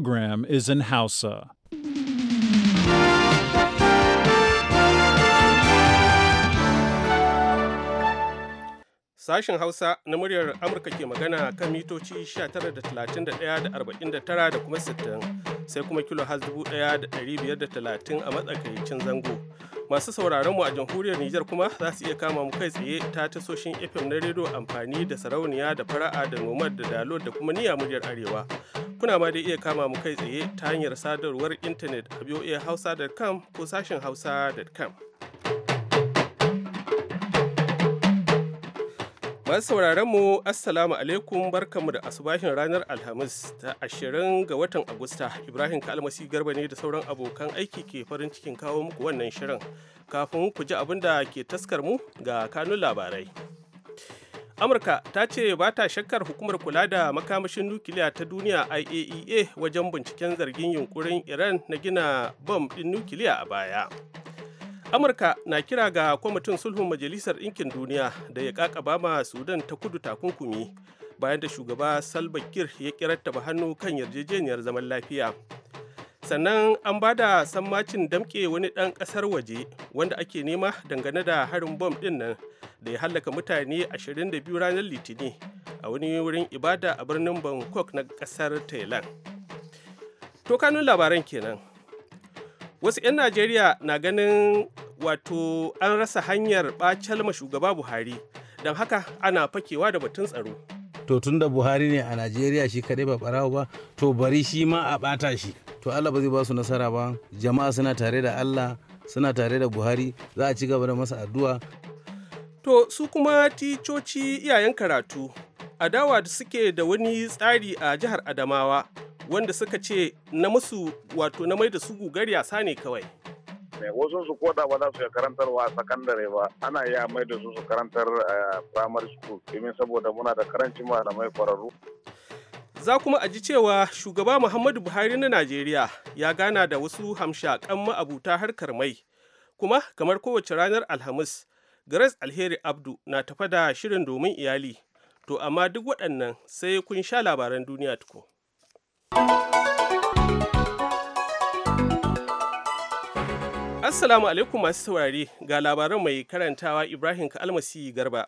program is in Hausa. Sashen Hausa na muryar Amurka ke magana kan mitoci 19.31.49 da kuma 60 sai kuma kilo har 1,530 a matsakaicin zango. Masu sauraron mu a jamhuriyar Nijar kuma za su iya kama mu kai tsaye ta tasoshin FM na rediyo amfani da sarauniya da fara'a da nomad da dalo da kuma niya muryar Arewa. kuna ma da iya kama mu kai tsaye ta hanyar sadarwar intanet a voahausa.com ko sashen hausa.com. Masu sauraron mu Assalamu alaikum barkanmu da asubahin ranar Alhamis ta ashirin ga watan Agusta. Ibrahim Kalmasi Garba ne da sauran abokan aiki ke farin cikin kawo muku wannan shirin. Kafin ku ji abin da ke taskar mu ga kanun labarai. amurka ta ce ba ta shakkar hukumar kula da makamashin nukiliya ta duniya iaea e wajen binciken zargin yunkurin iran na gina bom ɗin nukiliya a baya amurka na kira ga kwamitin sulhun majalisar ɗinkin duniya da ya kakaba ma sudan ta kudu takunkumi bayan da shugaba salva kiir ya ba hannu kan yarjejeniyar zaman lafiya sannan an ba da sammacin damke wani ɗan ƙasar waje wanda ake nema dangane da harin bom ɗin nan da ya hallaka mutane 22 ranar litini a wani wurin ibada a birnin bangkok na ƙasar thailand to kanun labaran kenan wasu 'yan najeriya na ganin wato an rasa hanyar ɓacal shugaba buhari don haka ana fakewa da batun tsaro to tun da buhari ne a najeriya shi kaɗai ba ɓarawo ba to bari shi ma a ɓata shi to Allah ba zai ba su nasara ba jama'a suna tare da Allah suna tare da Buhari za a ci gaba da masa addu'a to su kuma ticoci iyayen karatu adawa da suke da wani tsari a jihar Adamawa wanda suka ce na musu wato na mai da su gugar yasa ne kawai ne eh, wasu su koda ba za su ya karantarwa a sakandare ba ana iya mai da su su karantar eh, primary school domin saboda muna da karancin malamai kwararru za kuma a ji cewa shugaba muhammadu buhari na najeriya ya gana da wasu hamshakan ma'abuta harkar mai kuma kamar kowace ranar alhamis grace alheri abdu na tafa da shirin domin iyali to amma duk waɗannan sai kun sha labaran duniya tuku assalamu alaikum masu saurare ga labaran mai karantawa ibrahim kalmasi garba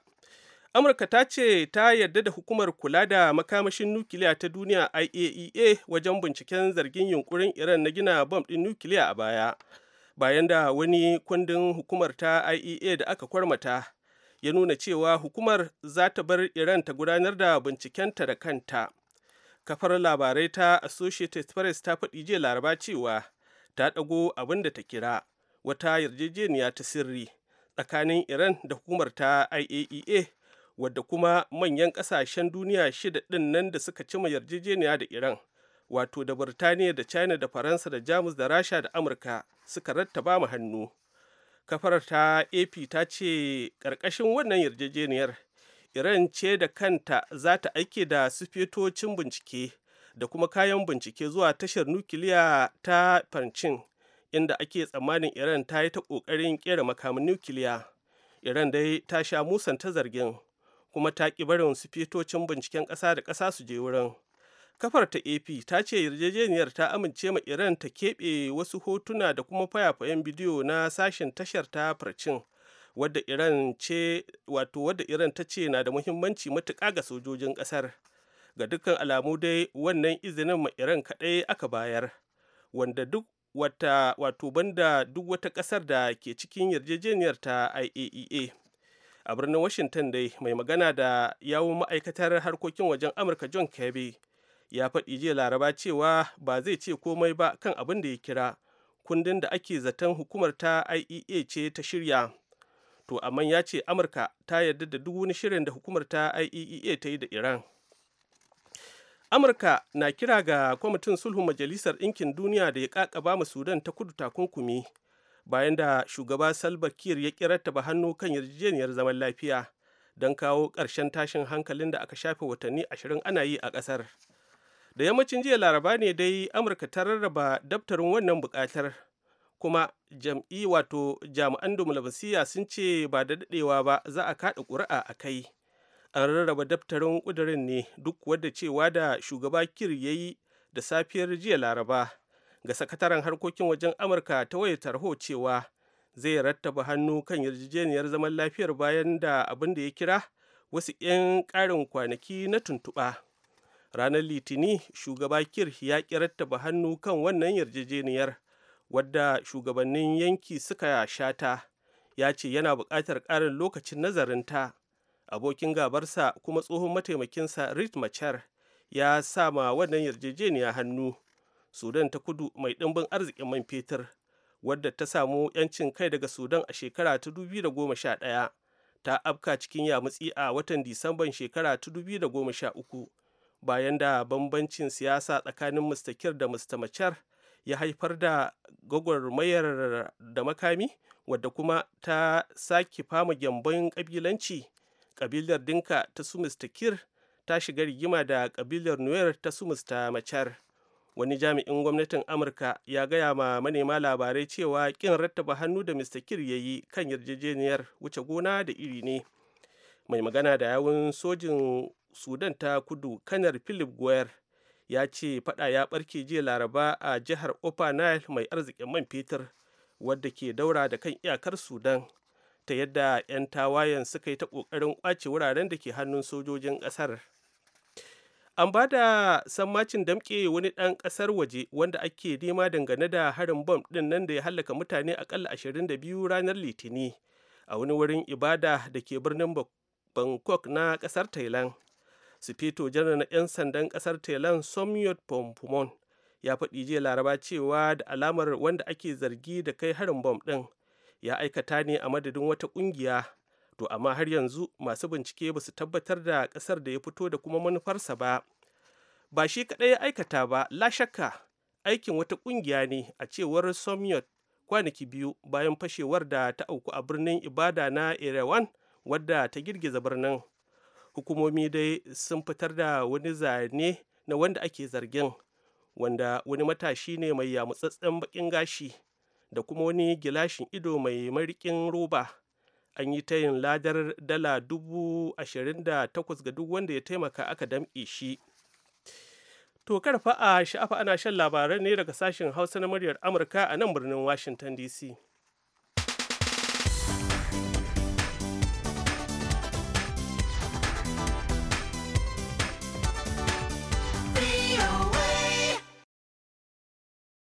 amurka ta ce ta yarda da hukumar kula da makamashin nukiliya ta duniya iaea e wajen binciken zargin yunkurin iran na gina bom ɗin nukiliya a baya bayan da wani kundin hukumar ta IAEA e da aka kwarmata ya nuna cewa hukumar za ta bar iran ta gudanar da bincikenta da kanta kafar labarai ta associated press ta faɗi jiya laraba cewa ta ɗago abin da ta kira wata yarjejeniya ta sirri tsakanin iran da hukumar ta iaea e wadda kuma manyan ƙasashen duniya shida ɗin nan da suka cima yarjejeniya da iran wato da Birtaniya da china da faransa da jamus da rasha da amurka suka rattaba mu hannu kafar ta ap ta ce ƙarƙashin wannan yarjejeniyar iran ce da kanta za ta aike da sufetocin bincike da kuma kayan bincike zuwa tashar nukiliya ta fancin inda ake tsammanin iran ta yi ta ƙoƙarin ƙera makamin nukiliya iran dai ta sha musanta zargin kuma ta ƙi barin su fitocin binciken ƙasa da ƙasa su je wurin kafar ta ap ta ce yarjejeniyar ta amince ma iran ta keɓe wasu hotuna da kuma fayafayen bidiyo na sashen tashar ta farcin wadda iran ce wato wadda iran ta ce na da muhimmanci matuƙa ga sojojin ƙasar ga dukkan alamu dai wannan izinin ma iran kaɗai aka bayar wanda duk wata wato banda duk wata ƙasar da ke cikin yarjejeniyar ta iaea e a birnin washington dai mai magana da yawun ma'aikatar harkokin wajen amurka john kirby ya faɗi jiya laraba cewa ba zai ce komai ba kan abin da ya kira kundin da ake zaton hukumar ta iea ce ta shirya to amma ya ce amurka ta yarda da duk wani shirin da hukumar ta iea ta yi da iran amurka na kira ga kwamitin sulhun majalisar ɗinkin duniya da ya kakaba ma sudan ta kudu takunkumi bayan da shugaba salva kiir ya kirarta ba hannu kan yarjejeniyar zaman lafiya don kawo ƙarshen tashin hankalin da aka shafe watanni ashirin ana yi a ƙasar da yammacin jiya laraba ne dai amurka ta rarraba daftarin wannan buƙatar kuma jam'i wato jami'an dumulabasiya sun ce ba da daɗewa ba za a kaɗa ƙuri'a a kai an rarraba daftarin ƙudurin ne duk wadda cewa da shugaba kir ya yi da safiyar jiya laraba ga sakataren harkokin wajen amurka ta wayar tarho cewa zai rattaba hannu kan yarjejeniyar zaman lafiyar bayan da abin da ya kira wasu 'yan ƙarin kwanaki na tuntuɓa ranar litini shugaba kir ya ƙi rattaba hannu kan wannan yarjejeniyar wadda shugabannin yanki suka shata ya ce yana buƙatar ƙarin lokacin nazarinta abokin gabarsa kuma tsohon mataimakinsa rit machar ya sama wannan yarjejeniya hannu sudan ta kudu mai ɗimbin arzikin man fetur wadda ta samu 'yancin kai daga sudan a shekara ta 2011 ta afka cikin yamutsi a watan disamban shekara ta uku. bayan da bambancin siyasa tsakanin mr kir da mr ya haifar da gwagwarmayar da makami wadda kuma ta sake fama gyambon kabilanci kabilar dinka ta su mr kir ta shiga rigima da kabilar nuwar ta su mr machar wani jami'in gwamnatin amurka ya gaya ma manema labarai cewa kin rattaba hannu da mr kir ya yi kan yarjejeniyar wuce gona da iri ne mai magana da yawun sojin sudan ta kudu kanar philip goyer ya ce fada ya barke jiya laraba a jihar upper nile mai arzikin man fetur wadda ke daura da kan iyakar sudan ta yadda 'yan tawayen suka yi ta kokarin kwace wuraren da ke hannun sojojin kasar an ba da sammacin damƙe wani ɗan ƙasar waje wanda ake nema dangane da harin bom ɗin nan da ya hallaka mutane akalla biyu ranar litini a wani wurin ibada da ke birnin bangkok na ƙasar thailand sufeto janar na 'yan sandan ƙasar thailand somyot pompomon ya faɗi jiya laraba cewa da alamar wanda ake zargi da kai harin bom ɗin ya aikata ne a madadin wata ƙungiya to amma har yanzu masu bincike ba su tabbatar da ƙasar da ya fito da kuma manufarsa ba ba shi kaɗai ya aikata ba la shakka aikin wata ƙungiya ne a cewar somyot kwanaki biyu bayan fashewar da ta auku a birnin ibada na erewan wadda ta girgiza birnin hukumomi dai sun fitar da wani zane na wanda ake zargin wanda wani matashi ne mai yamutsatsen bakin gashi da kuma wani gilashin ido mai marikin roba an yi tayin ladar dala dubu ashirin da takwas ga duk wanda ya taimaka aka damƙe shi to karfa a sha'afa ana shan labaran ne daga sashen hausa na muryar amurka a nan birnin washington dc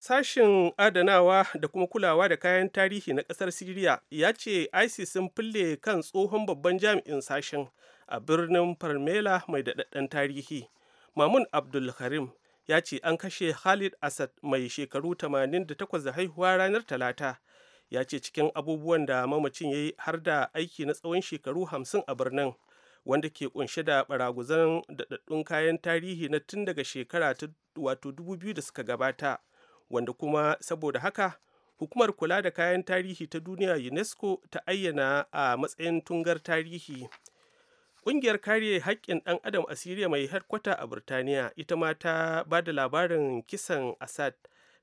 Sashen adanawa da kuma kulawa da kayan tarihi na ƙasar Siriya ya ce ISIS sun fille kan tsohon babban jami'in sashen a birnin Farmela mai daɗaɗɗen tarihi. Mamun Abdul Karim ya ce an kashe Khalid asad mai shekaru 88 da haihuwa ranar Talata. Ya ce cikin abubuwan da mamacin ya yi har da aiki na tsawon shekaru hamsin a birnin. wanda ke kunshe da baraguzan daɗaɗɗun kayan tarihi na tun daga shekara ta wato 2000 da suka gabata wanda kuma saboda haka hukumar kula da kayan tarihi ta duniya unesco ta ayyana a matsayin tungar tarihi ƙungiyar kare haƙƙin ɗan adam a siriya mai harkwata a Birtaniya, ita ma ta ba da labarin kisan ASAD,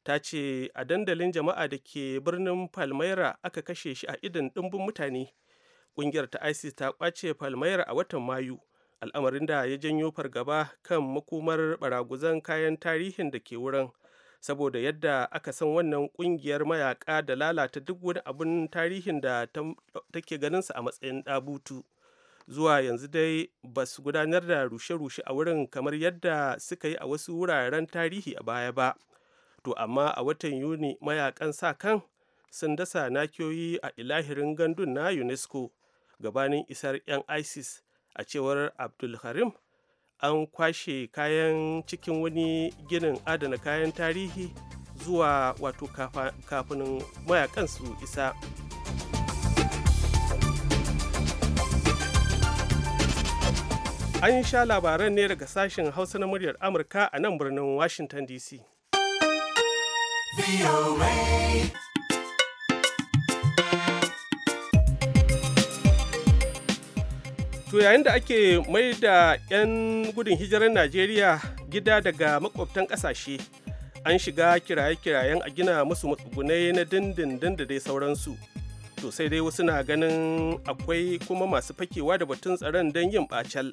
ta ce a dandalin jama'a da ke birnin palmaira aka kashe shi a idan ɗimbin mutane ƙungiyar ta isis ta ƙwace palmaira a watan mayu al'amarin da ya janyo fargaba kan makomar baraguzan kayan tarihin da ke wurin saboda yadda aka san wannan kungiyar mayaka da lalata duk wani abun tarihin da take ganinsa a matsayin ɗabutu zuwa yanzu dai ba su gudanar da rushe-rushe a wurin kamar yadda suka yi a wasu wuraren tarihi a baya ba to amma a watan yuni mayakan sa kan sun dasa nakiyoyi a ilahirin gandun na unesco gabanin isar 'yan isis a cewar abdulharim an kwashe kayan cikin wani ginin adana kayan tarihi zuwa wato kafin mayakan su isa an sha labaran ne daga sashen hausa na muryar amurka a nan birnin washington dc To yayin da ake mai da 'yan gudun hijirar Najeriya gida daga makwabtan ƙasashe, an shiga kiraye-kirayen a gina musu matsugunai na dindindin da dai sauransu. To sai dai wasu na ganin akwai kuma masu fakewa da batun tsaron don yin bacal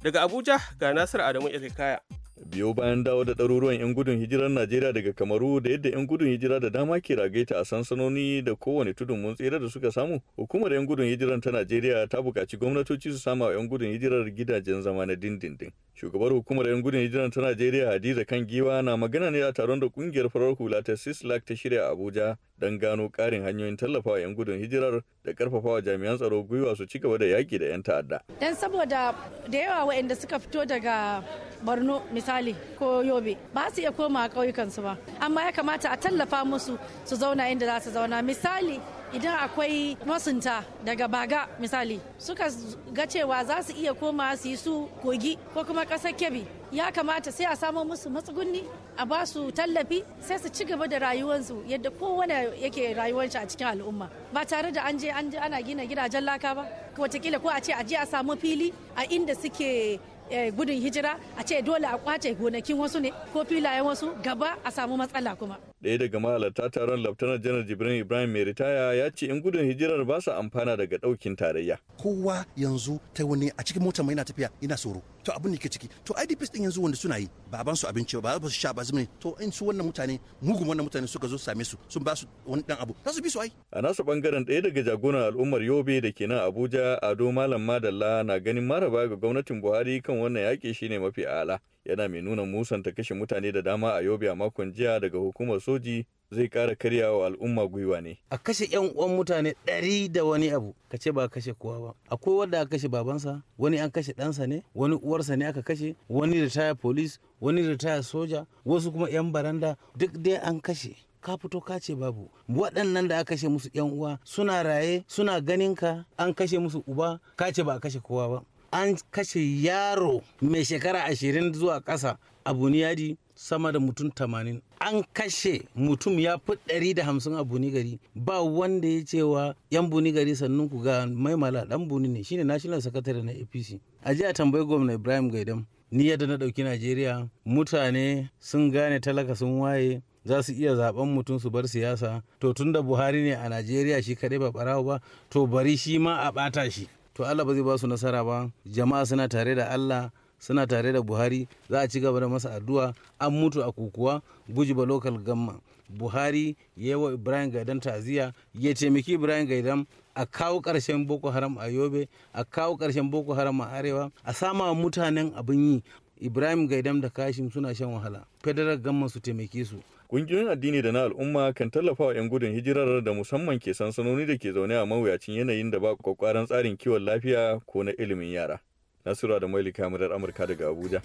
Daga Abuja ga Nasiru Adamu Ilkaya. biyo bayan dawo da ɗaruruwan 'yan gudun hijirar Najeriya daga Kamaru da yadda 'yan gudun hijira da dama ke ragaita a sansanoni da kowane tudun mun tsira da suka samu hukumar 'yan gudun hijirar ta Najeriya ta buƙaci gwamnatoci su sama 'yan gudun hijirar gidajen zama na dindindin shugabar hukumar 'yan gudun hijirar ta Najeriya Hadiza kan giwa na magana ne a taron da kungiyar farar hula ta Sislak ta shirya a Abuja don gano ƙarin hanyoyin tallafawa 'yan gudun hijirar da ƙarfafawa jami'an tsaro gwiwa su ci gaba da yaƙi da 'yan ta'adda. Dan saboda da yawa waɗanda suka fito daga borno misali ko yobe ba su iya koma ƙauyukansu ba amma ya kamata a tallafa musu su zauna inda za su zauna misali idan akwai masunta daga baga misali suka ga cewa za su iya koma su yi su kogi ko kuma ƙasar kebbi ya kamata sai a samo musu matsugunni a ba su tallafi sai su ci gaba da rayuwarsu yadda kowane yake rayuwarsa a cikin al'umma ba tare da an je ana gina gidajen laka ba watakila ko a ce a je a samu fili a inda suke Eh, gudun hijira a ce dole a kwace gonakin wasu ne ko filayen wasu gaba a samu matsala kuma daya daga mahalarta taron Laftanar Janar Jibrin Ibrahim mai ritaya ya ce in gudun hijirar ba su amfana daga daukin tarayya. Kowa yanzu ta wani a cikin mota mai na tafiya ina tsoro. To abin ne ke ciki. To IDPs din yanzu wanda suna yi ba ban su abinci ba ba su sha ba zumi to in su wannan mutane mugun wannan mutane suka zo same su sun ba su wani dan abu za su bi su ai. A nasu bangaren ɗaya daga jagoran al'ummar Yobe da ke nan Abuja Ado Malam Madalla na ganin maraba ga gwamnatin Buhari kan wannan yaƙi shine mafi ala. yana mai nuna musanta kashe mutane da dama a yobe a makon jiya daga hukumar soji zai kara karya wa al'umma gwiwa ne a kashe yan uwan mutane ɗari da wani abu ka ce ba kashe kowa ba akwai wanda aka kashe babansa wani an kashe ɗansa ne wani uwarsa ne aka kashe wani ritaya polis wani ritaya soja wasu kuma yan baranda duk dai an kashe ka fito ka ce babu waɗannan da aka kashe musu yan uwa suna raye suna ganinka an kashe musu uba ka ce ba a kashe kowa ba an kashe yaro mai shekara ashirin zuwa ƙasa a buniyadi sama da mutum tamanin an kashe mutum ya fi ɗari da hamsin a buni gari ba wanda ya cewa yan buni gari sannan ku ga maimala dan buni ne shine national secretary na apc a jiya tambayi gwamna ibrahim gaidam ni yadda na ɗauki najeriya mutane sun gane talaka sun waye za su iya zaben mutum su bar siyasa to tunda buhari ne a najeriya shi kaɗai ba ɓarawo ba to bari shi ma a ɓata shi to Allah ba zai ba su nasara ba jama'a suna tare da Allah suna tare da Buhari za a ci gaba da masa addu'a an mutu a kukuwa guji ba local gamma Buhari ya yi wa Ibrahim Gaidan ta'aziyya ya taimaki Ibrahim Gaidan a kawo ƙarshen Boko Haram a Yobe a kawo ƙarshen Boko Haram a Arewa a sama mutanen abin yi Ibrahim Gaidan da Kashim suna shan wahala. Federal gamma su taimake su. Ƙungiyoyin addini da na al'umma kan tallafa wa 'yan gudun hijirar da musamman ke sansanoni da ke zaune a mawuyacin yanayin da ba kwakwaran tsarin kiwon lafiya ko na ilimin yara. Nasura da Maili Kamarar Amurka daga Abuja,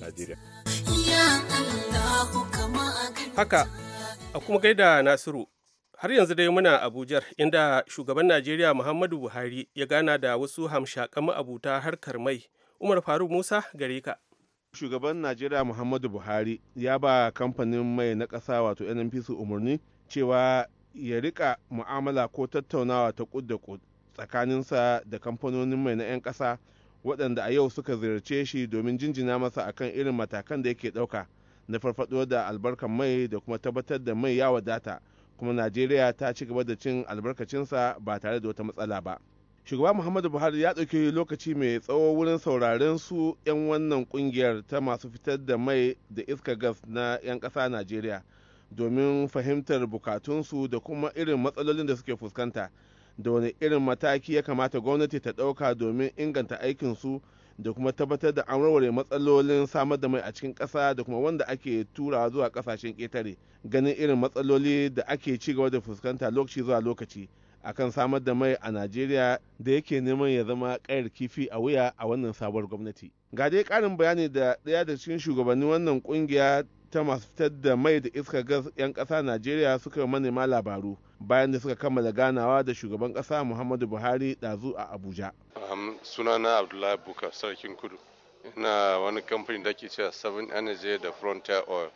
Najeriya. Haka, a kuma gaida Nasiru, har yanzu dai muna Abuja inda shugaban Najeriya Muhammadu Buhari ya gana da wasu hamshakan abuta harkar mai. Umar Faruk Musa gare ka. shugaban najeriya muhammadu buhari ya ba kamfanin mai na kasa wato nnpc umarni cewa ya rika mu'amala ko tattaunawa ta kud da kud tsakaninsa da kamfanonin mai na 'yan ƙasa waɗanda a yau suka ziyarce shi domin jinjina masa akan irin matakan da yake ɗauka na farfaɗo da albarkan mai da kuma tabbatar da mai ya wadata kuma najeriya ta ci gaba da cin albarkacinsa ba tare da wata matsala ba shugaba muhammadu buhari ya ɗauki lokaci mai tsawo wurin sauraren su 'yan wannan kungiyar ta masu fitar da mai da iska gas na 'yan ƙasa najeriya domin fahimtar bukatunsu da kuma irin matsalolin da suke fuskanta da wani irin mataki ya kamata gwamnati ta ɗauka domin inganta aikinsu da kuma tabbatar da an matsalolin samar da mai a cikin ƙasa da kuma wanda ake turawa zuwa ƙasashen ƙetare ganin irin matsaloli da ake ci gaba da fuskanta lokaci zuwa lokaci akan samar da mai a najeriya da yake neman ya zama kayar kifi a wuya a wannan sabuwar gwamnati ga dai karin bayani da ɗaya da cikin shugabannin wannan kungiya ta masu fitar da mai da iska gas 'yan kasa najeriya suka manema labaru bayan da suka kammala ganawa da shugaban kasa muhammadu buhari ɗazu a abuja sunana abdullahi buka sarkin kudu ina wani kamfani da ke cewa seven energy da frontier oil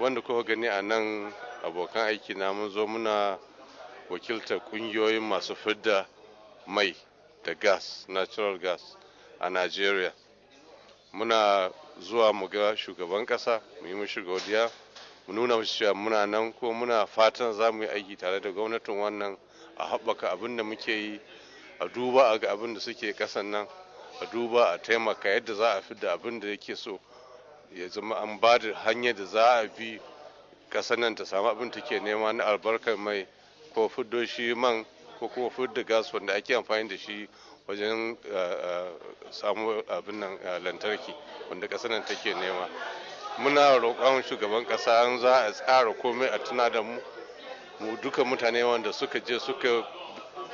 wanda kuka gani a nan abokan aiki na mun zo muna wakiltar kungiyoyin masu fidda mai da gas natural gas a nigeria muna zuwa mu ga shugaban kasa mu yi mishi godiya mu nuna mishi cewa muna nan ko muna fatan za mu yi aiki tare da gwamnatin wannan a haɓaka abin da muke yi a duba a ga abin da suke kasan nan a duba a taimaka yadda za a fidda abin da yake so ya zama an ba da hanyar da za a bi kasan nan ta samu abin take nema na albarkar mai ko fuddo shi man ko kuma fidda gas wanda ake amfani da shi wajen eh, eh, samu abin nan eh, lantarki wanda ƙasa nan take nema muna roƙon shugaban ƙasa an za a tsara komai a tuna da mu mu duka mutane wanda suka je suka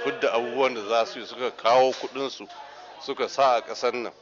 fudda abubuwan da za su yi suka kawo kuɗinsu suka sa a ƙasar nan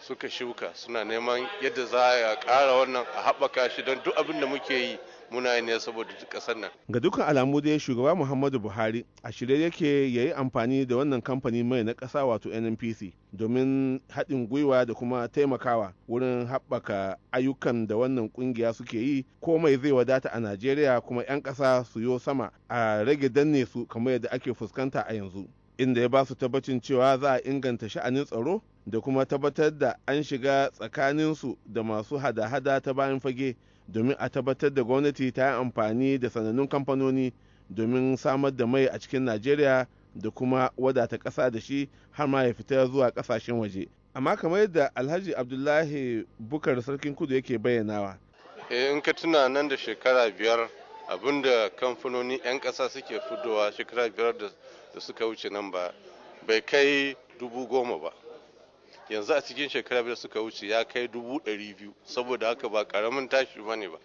suka shuka suna neman yadda za a ƙara wannan a haɓaka shi don duk abin da muke yi muna ne saboda kasar nan ga dukkan alamu dai shugaba muhammadu buhari a shirye yake ya yi amfani da wannan kamfani mai na kasa wato nnpc domin haɗin gwiwa da kuma taimakawa wurin haɓaka ayyukan da wannan ƙungiya suke yi ko mai zai wadata a najeriya kuma 'yan ƙasa su yo sama a rage danne su kamar yadda ake fuskanta a yanzu inda ya ba su tabbacin cewa za a inganta sha'anin tsaro da kuma tabbatar da an shiga tsakaninsu da masu hada-hada ta bayan fage domin a tabbatar da gwamnati ta yi amfani da sanannun kamfanoni domin samar da mai a cikin najeriya da kuma wadata ƙasa da shi har ma ya fita zuwa ƙasashen waje amma kamar yadda alhaji abdullahi bukar sarkin kudu yake bayyanawa eh, in ka tuna nan da shekara biyar abinda kamfanoni 'yan ƙasa suke fidowa shekara biyar da da suka wuce nan ba bai kai dubu goma ba yanzu a cikin shekara biyar suka wuce ya kai dubu ɗari biyu saboda haka ba ƙaramin tashi ba ne ba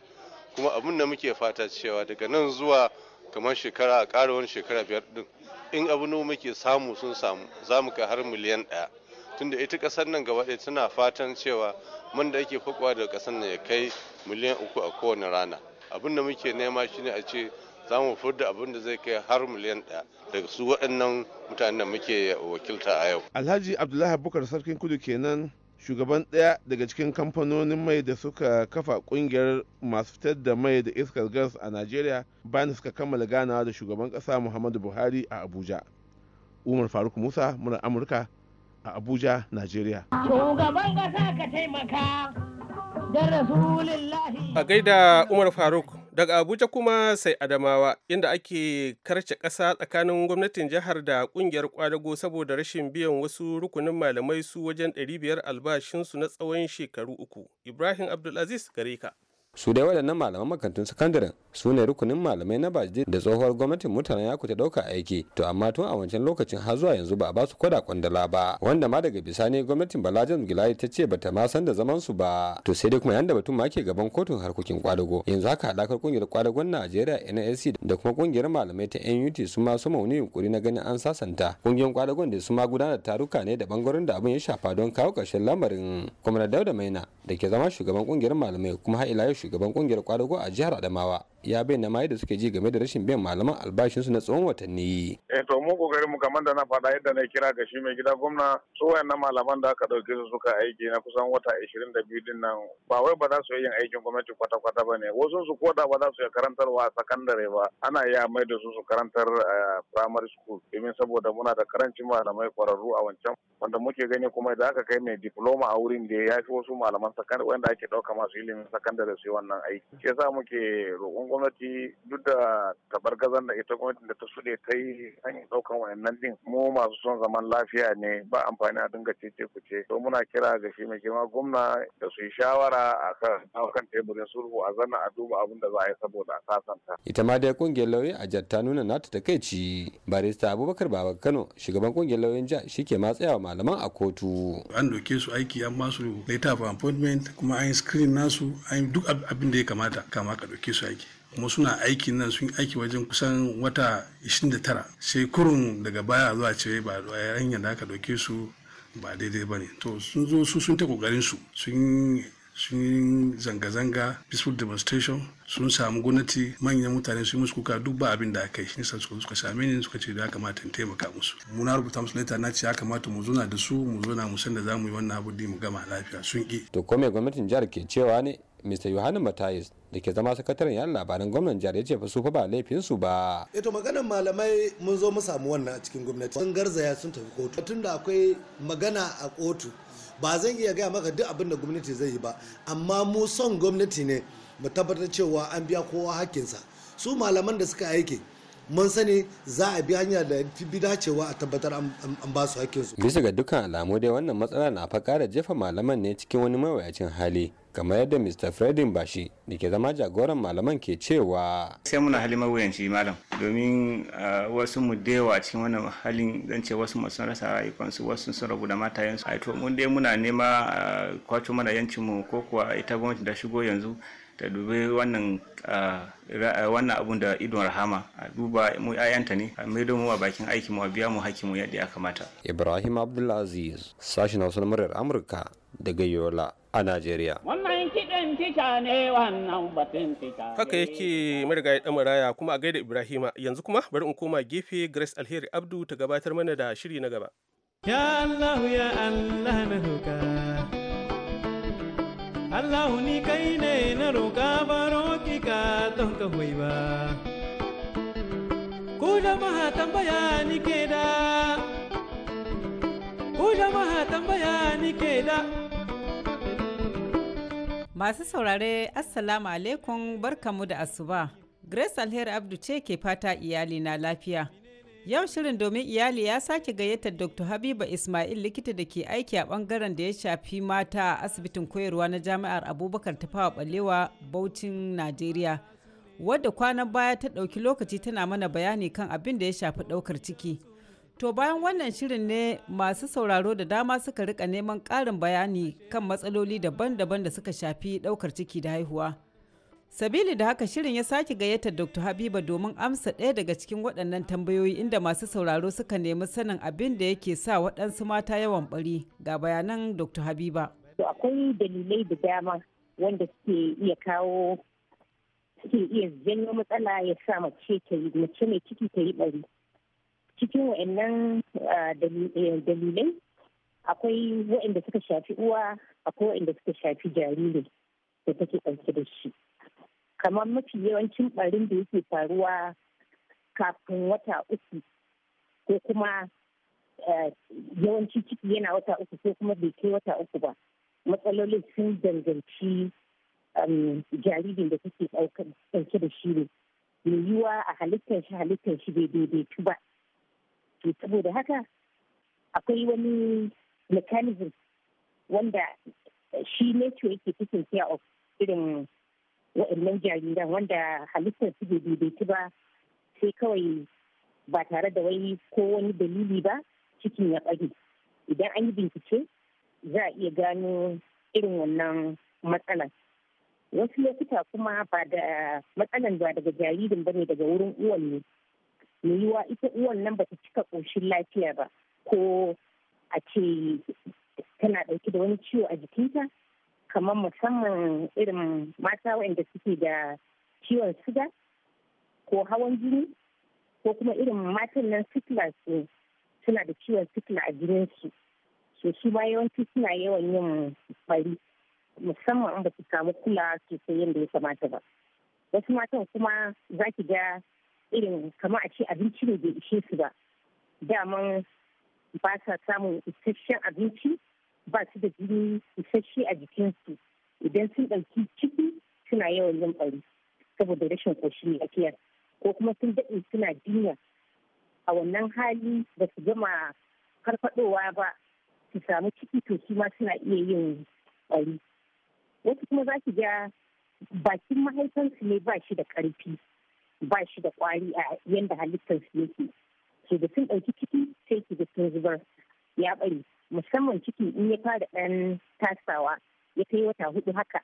kuma abin da muke fata cewa daga nan zuwa kamar shekara a ƙara shekara biyar ɗin in abu ne muke samu sun samu za mu kai har miliyan ɗaya tunda ita ƙasar nan gaba ɗaya tana fatan cewa man da ake kwakwa daga ƙasar nan ya kai miliyan uku a kowane rana abin da muke nema shine a ce samun mu furda abin da zai kai har miliyan ɗaya daga su waɗannan mutanen da muke wakilta a yau. Alhaji Abdullahi Bukar Sarkin Kudu kenan shugaban ɗaya daga cikin kamfanonin mai da suka kafa ƙungiyar masu fitar da mai da iskar gas a Najeriya bayan suka kammala ganawa da shugaban ƙasa Muhammadu Buhari a Abuja. Umar Faruk Musa, murar Amurka a Abuja, Najeriya. Shugaban ƙasa ka taimaka da A gaida Umar Faruk Daga Abuja kuma sai Adamawa inda ake karce ƙasa tsakanin gwamnatin jihar da ƙungiyar ƙwadago saboda rashin biyan wasu rukunin malamai su wajen 500 albashinsu na tsawon shekaru uku. Ibrahim Abdulaziz gare ka. su dai waɗannan malaman makarantun sakandaren su ne rukunin malamai na baji da tsohuwar gwamnatin mutanen yaku ta ɗauka aiki to amma tun a wancan lokacin har zuwa yanzu ba a basu kwada kwandala ba wanda ma daga bisani gwamnatin balajan gilayi ta ce bata ma san da zaman su ba to sai dai kuma yanda batun ma ke gaban kotun harkokin kwadago yanzu haka alakar kungiyar kwadagon najeriya nsc da kuma kungiyar malamai ta nut su ma su mauni yunkuri na ganin an sasanta kungiyar kwadagon da su ma gudanar taruka ne da bangaren da abin ya shafa don kawo ƙarshen lamarin kuma da dauda maina da ke zama shugaban kungiyar malamai kuma har ila yau shugaban kungiyar kwadago a jihar adamawa ya bayyana ma da suke ji game da rashin biyan malaman albashinsu na tsawon watanni. Eh to mu kokarin mu kamar da na faɗa yadda na kira ga shi mai gida gwamna su na malaman da aka ɗauke su suka aiki na kusan wata 22 din nan ba wai ba za su yin aikin gwamnati kwata-kwata ba ne wasu su koda ba za su yi karantarwa a sakandare ba ana iya mai da su su karantar eh, primary school domin saboda muna da karancin malamai kwararru a wancan wanda muke gani kuma da aka kai mai diploma a wurin da ya fi wasu malaman sakandare wanda ake ɗauka masu ilimin sakandare su yi wannan aiki. Shi yasa muke roƙon gwamnati duk da tabargazan da ita gwamnati da ta suɗe ta yi hanyar ɗaukan wayannan din mu masu son zaman lafiya ne ba amfani a dinga cece kuce to muna kira ga shi mai girma gwamna da su yi shawara a kan teburin sulhu a zanna a duba abin da za a yi saboda a sasanta. ita ma dai kungiyar lauyoyi a jihar ta nuna nata ta kai ci barista abubakar baba kano shugaban kungiyar lauyoyin jihar shi ke ma tsayawa malaman a kotu. an doke su aiki an masu letter of appointment kuma an yi screen nasu an yi duk abin da ya kamata kama ka doke su aiki. kuma suna aikin nan sun aiki wajen kusan wata 29 sai kurun daga baya zuwa ce ba a hanyar da aka dauke su ba daidai ba ne to sun zo su sun ta kokarin su sun yi zanga-zanga peaceful demonstration sun samu gwamnati manyan mutane sun musu kuka duk ba abin da aka yi nisan suka suka same ni suka ce da ya kamata in taimaka musu muna rubuta musu leta na ce ya kamata mu zuna da su mu zuna mu san da za mu yi wannan abu mu gama lafiya sun ki to kome gwamnatin jihar ke cewa ne Mr. yohannu Matayis da ke zama sakataren yan labaran gwamnan jihar ya ce fa su fa ba laifin su ba eto eh maganar malamai mun zo mu samu wannan a cikin gwamnati sun garzaya sun tafi kotu tun da akwai magana a kotu ba zan iya gaya maka duk abin da gwamnati zai yi ba amma mu son gwamnati ne mu tabbatar cewa an biya kowa hakkinsa su malaman da suka aiki mun sani za a bi hanya da bi dacewa a tabbatar an ba su hakkinsu. bisa ga dukkan alamu dai wannan matsala na fa da jefa malaman ne cikin wani mawuyacin hali kamar yadda mr fredin bashi da ke zama jagoran malaman ke cewa sai muna hali mawuyanci malam domin wasu mu dewa a cikin wannan halin zan ce wasu sun rasa rayukansu wasu sun rabu da matayensu a to mun dai muna nema kwato mana yancin mu ko kuwa ita gwamnati da shigo yanzu ta dubi wannan ah, wannan abun da idon rahama a duba mu 'ya'yanta ne a mai mu a bakin aiki mu a biya mu hakimu yadda ya kamata ibrahim abdulaziz sashen hausa na muryar amurka daga yola a najeriya wannan kiɗan tica ne wannan batun tica haka yake marigayi ɗan maraya kuma a gaida ibrahima yanzu kuma bari in koma gefe grace alheri abdu ta gabatar mana da shiri na gaba ya allah ya allah Allah kai ne na roƙa baro ka don ka ba. tambaya ni ke da, Masu saurare, Assalamu alaikum barkamu da asuba. Grace Alheri Abdu ce ke fata iyali na lafiya. Yau shirin domin iyali ya sake gayyatar Dr. Habiba Ismail likita da ke aiki a bangaren da ya shafi mata a asibitin koyarwa na Jami'ar Abubakar ta fawa Balewa Baucin Najeriya. Wadda kwanan baya ta ɗauki lokaci tana mana bayani kan abin da ya shafi ɗaukar ciki. To bayan wannan shirin ne masu sauraro da dama suka rika neman ƙarin bayani kan matsaloli daban-daban da suka shafi ɗaukar ciki da haihuwa. Sabili da haka shirin ya sake gayyatar Dr. Habiba domin amsa ɗaya daga cikin waɗannan tambayoyi inda masu sauraro suka nemi sanin abin da yake sa waɗansu mata yawan bari ga bayanan Dr. Habiba. Akwai dalilai da dama wanda suke iya kawo suke iya janyo matsala ya sa mace ta yi mace mai ciki ta yi bari. Cikin wa'annan ah, eh, dalilai akwai wa'anda suka shafi uwa akwai wa'anda suka shafi jariri da take ɗauke da shi. kamar mafi yawancin ɓarin da yake faruwa kafin wata uku ko kuma eh, yawanci ciki yana wata uku ko kuma bai kai wata uku ba matsalolin sun danganci um, jaririn da suke ɗauke da shi ne mai yiwuwa a halittar shi halittar shi bai daidaitu ba to saboda haka akwai wani mechanism wanda shi ne yake taking care of irin waɗannan jariran wanda halittar su bai daidaitu ba sai kawai ba tare da wai ko wani dalili ba cikin ya ɓage idan an yi bincike za a iya gano irin wannan matsalan wasu lokuta kuma ba da matsalan ba daga jaririn ba ne daga wurin uwan ne mai ita uwan nan ba ta cika ƙoshin lafiya ba ko a ce tana ɗauke da wani ciwo a jikinta kamar musamman irin mata waɗanda suke da ciwon suga ko hawan jini ko kuma irin matan nan sikila su suna da ciwon sikila a jininsu su su ma yawanci suna yawan yin bari musamman in ba su samu kula sosai yadda ya kamata ba wasu matan kuma za ki ga irin kamar a ce abinci ne bai ishe su ba daman ba sa samun isasshen abinci ba su da jini isasshe a jikinsu idan sun ɗauki ciki suna yawan yin ɓari saboda rashin ƙoshin lafiyar ko kuma sun daɗe suna jinya a wannan hali ba su gama farfadowa ba su samu ciki to su ma suna iya yin ɓari wasu kuma za ki ga bakin mahaifansu ne ba shi da ƙarfi ba shi da ƙwari a yadda halittarsu yake ke da sun ɗauki ciki sai ki da sun zubar ya ɓari musamman ciki in ya fara ɗan tasawa ya kai wata hudu haka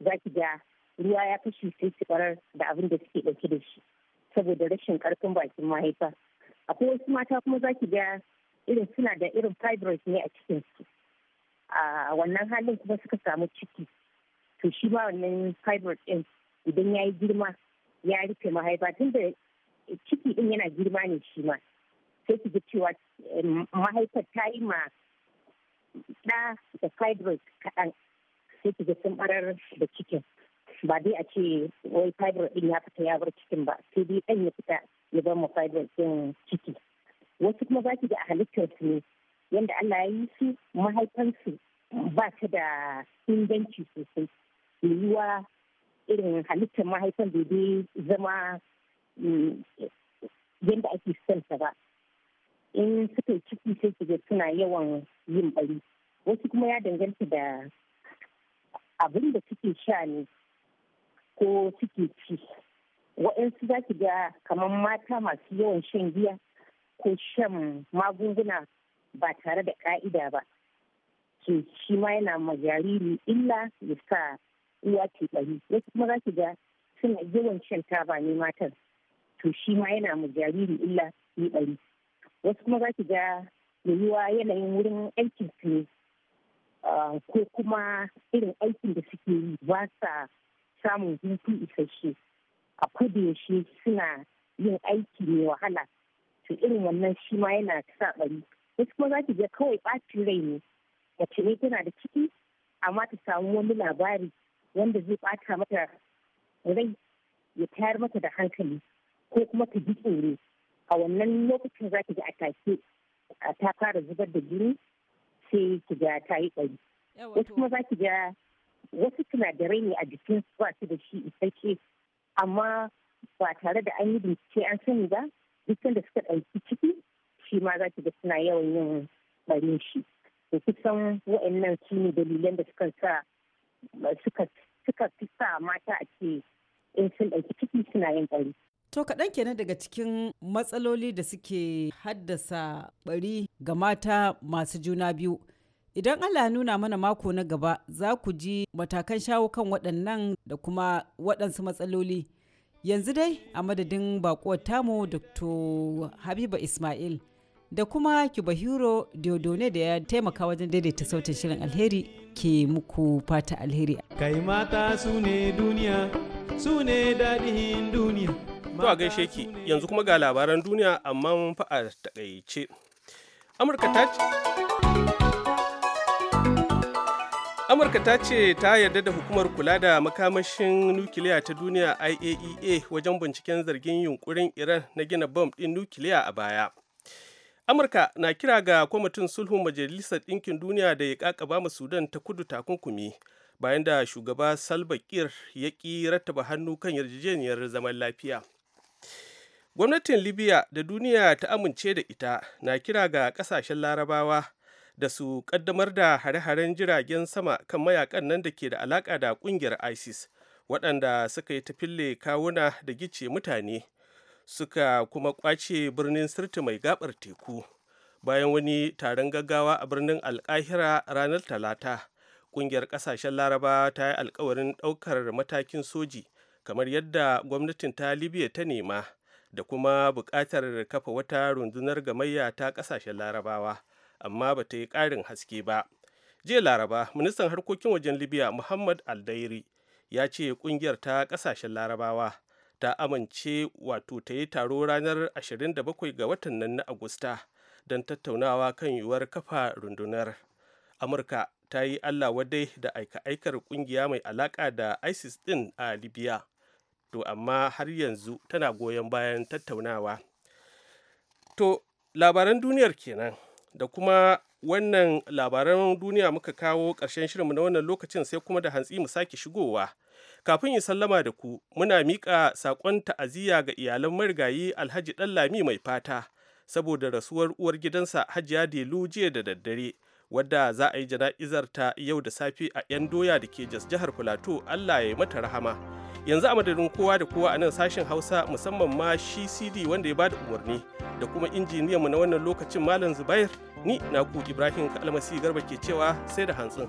za ki ga ruwa ya kashe sai su barar da abin da suke ɗauke da shi saboda rashin ƙarfin bakin mahaifa akwai wasu mata kuma za ki ga irin suna da irin fibroids ne a cikin su a wannan halin kuma suka samu ciki to shi ma wannan fibroids ɗin idan ya yi girma ya rufe mahaifa tun da ciki ɗin yana girma ne shi ma sai ki ga cewa eh, mahaifar ta yi ma ɗa da fibroid kaɗan sai ki ga sun barar da cikin ba dai a ce wai fibroid ɗin ya fita ya bar cikin ba sai dai ɗan ya fita ya bar mu fibroid din ciki wasu kuma baki ki halittar su ne yanda Allah ya yi su mahaifansu ba ta da inganci sosai yiwuwa irin halittar mahaifan da dai zama mm, yadda ake son ta ba in suka yi ciki sai su suna yawan yin bari wasu kuma ya danganta da abin da suke sha ne ko suke ci waɗansu za ki ga kamar mata masu yawan shan giya ko shan magunguna ba tare da ka'ida ba ke shi ma yana ma jariri illa ya sa uwa ke ɗari wasu kuma za ki ga suna yawan shan taba ne matan to shi ma yana ma jariri illa ya ɗari wasu kuma za ki ga yiwuwa yanayin wurin aikin su ne Ah, ko kuma irin aikin da suke yi ba sa samun hutu isasshe a yaushe suna yin aiki mai wahala to irin wannan shi ma yana sa bari wasu kuma za ki je kawai ɓaci rai ne mace ne tana da ciki amma ta samu wani labari wanda zai ɓata mata rai ya tayar mata da hankali ko kuma ta ji tsoro a wannan lokacin za ki ga a take ta fara zubar da jini ce ki ga ta yi Wasu kuma za ki ga wasu sinadarai ne a jikin su ba su da shi isasshe amma ba tare da an yi bincike an sani ba duk da suka ɗauki ciki shi ma za ki ga suna yawan yin ɓarin shi. Da kusan wa'annan su ne dalilan da suka sa suka fi sa mata a ce in sun ɗauki ciki suna yin ɓari. To kaɗan kenan daga cikin matsaloli da suke haddasa bari ga mata masu juna biyu. Idan Allah nuna mana mako na gaba za ku ji matakan shawo kan waɗannan da kuma waɗansu matsaloli. Yanzu dai a madadin baƙuwar tamu Dr. Habiba Ismail da kuma Kibahiro Diodone da ya taimaka wajen daidaita sautin shirin alheri ke muku fata alheri. Kai mata su ne duniya, su ne daɗin duniya. To a gaishe ki yanzu kuma ga labaran duniya amma fa a takaice. Amurka ta Amurka ta ce ta yarda da hukumar kula da makamashin nukiliya ta duniya IAEA e wajen binciken zargin yunkurin Iran na gina bom ɗin nukiliya a baya. Amurka na kira ga kwamitin sulhun Majalisar Ɗinkin Duniya da ya kakaba ma Sudan ta kudu takunkumi bayan da shugaba Salva Kiir ya ƙi rattaba hannu kan yarjejeniyar zaman lafiya. gwamnatin libya da duniya ta amince da ita na kira ga kasashen larabawa da su kaddamar da hare-haren jiragen sama kan mayakan nan da ke da alaka da kungiyar isis waɗanda suka yi tafille kawuna da gice mutane suka kuma kwace birnin sirti mai gabar teku bayan wani taron gaggawa a birnin alkahira ranar talata kungiyar kasashen laraba ta yi alkawarin ɗaukar matakin soji kamar yadda gwamnatin ta libya ta nema da kuma buƙatar kafa wata rundunar gamayya ta ƙasashen larabawa amma ba ta yi ƙarin haske ba jiya laraba ministan harkokin wajen libya muhammad aldairi ya ce ƙungiyar ta ƙasashen larabawa ta amince wato ta yi taro ranar 27 ga watan nan na agusta don tattaunawa kan yiwuwar kafa rundunar amurka ta yi allah wadai da aika-aikar ƙungiya mai alaƙa da isis din a libya to amma har yanzu tana goyon bayan tattaunawa to labaran duniyar kenan da kuma wannan labaran duniya muka kawo ƙarshen shirinmu na wannan lokacin sai kuma da hantsi mu sake shigowa kafin in sallama da ku muna miƙa saƙon ta'aziyya ga iyalan marigayi alhaji ɗanlami mai fata saboda rasuwar uwar gidansa hajiya delu jiya da daddare wadda za a yi jana'izar ta yau da safe a 'yan doya da ke jas jihar filato allah ya yi mata rahama yanzu a madadin kowa da kowa a nan sashen hausa musamman ma shi cd wanda ya bada umarni da kuma injiniyanmu na wannan lokacin malam zubair ni naku ibrahim kalmasi garba ke cewa sai da hantsin.